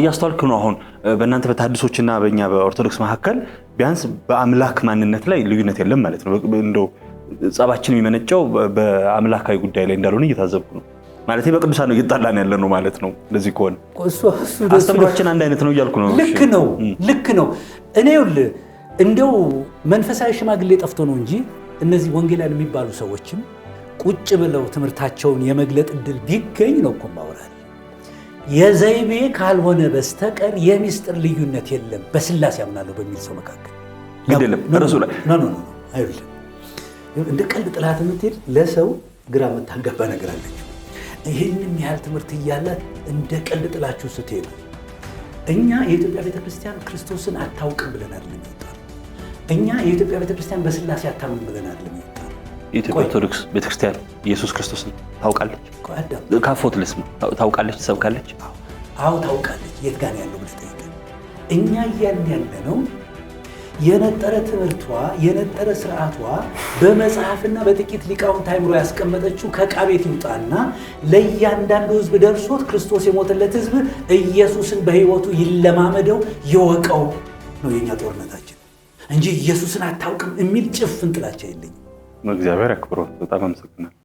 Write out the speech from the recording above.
እያስተዋልክ ነው። አሁን በእናንተ በታድሶችና በእኛ በኦርቶዶክስ መካከል ቢያንስ በአምላክ ማንነት ላይ ልዩነት የለም ማለት ነው። እንደው ጸባችን የሚመነጨው በአምላካዊ ጉዳይ ላይ እንዳልሆነ እየታዘብኩ ነው ማለት በቅዱሳን ነው እየጣላን ያለ ነው ማለት ነው። እንደዚህ ከሆነ አስተምሯችን አንድ አይነት ነው እያልኩ ነው። ልክ ነው፣ ልክ ነው። እኔ ይኸውልህ እንደው መንፈሳዊ ሽማግሌ ጠፍቶ ነው እንጂ እነዚህ ወንጌላን የሚባሉ ሰዎችም ቁጭ ብለው ትምህርታቸውን የመግለጥ እድል ቢገኝ ነው እኮ የዘይቤ ካልሆነ በስተቀር የሚስጥር ልዩነት የለም በስላሴ አምናለሁ በሚል ሰው መካከል እንደ ቀልድ ጥላት የምትሄድ ለሰው ግራ የምታጋባ ነገር አለች። ይህንም ያህል ትምህርት እያለ እንደ ቀልድ ጥላችሁ ስትሄዱ እኛ የኢትዮጵያ ቤተክርስቲያን ክርስቶስን አታውቅም ብለን አይደለም። እኛ የኢትዮጵያ ቤተክርስቲያን በስላሴ አታምን ብለን አይደለም የኢትዮጵያ ኦርቶዶክስ ቤተክርስቲያን ኢየሱስ ክርስቶስን ታውቃለች፣ ካፎት ልስማ ታውቃለች፣ ትሰብካለች። አዎ ታውቃለች። የት ጋር ያለው ብለህ ጠይቀህ እኛ እያልን ያለ ነው። የነጠረ ትምህርቷ የነጠረ ስርዓቷ በመጽሐፍና በጥቂት ሊቃውንት አእምሮ ያስቀመጠችው ከዕቃ ቤት ይውጣና ለእያንዳንዱ ሕዝብ ደርሶት ክርስቶስ የሞተለት ሕዝብ ኢየሱስን በሕይወቱ ይለማመደው ይወቀው ነው የኛ ጦርነታችን እንጂ ኢየሱስን አታውቅም የሚል ጭፍን ጥላቻ የለኝም። እግዚአብሔር ያክብሮት። በጣም አመሰግናለሁ።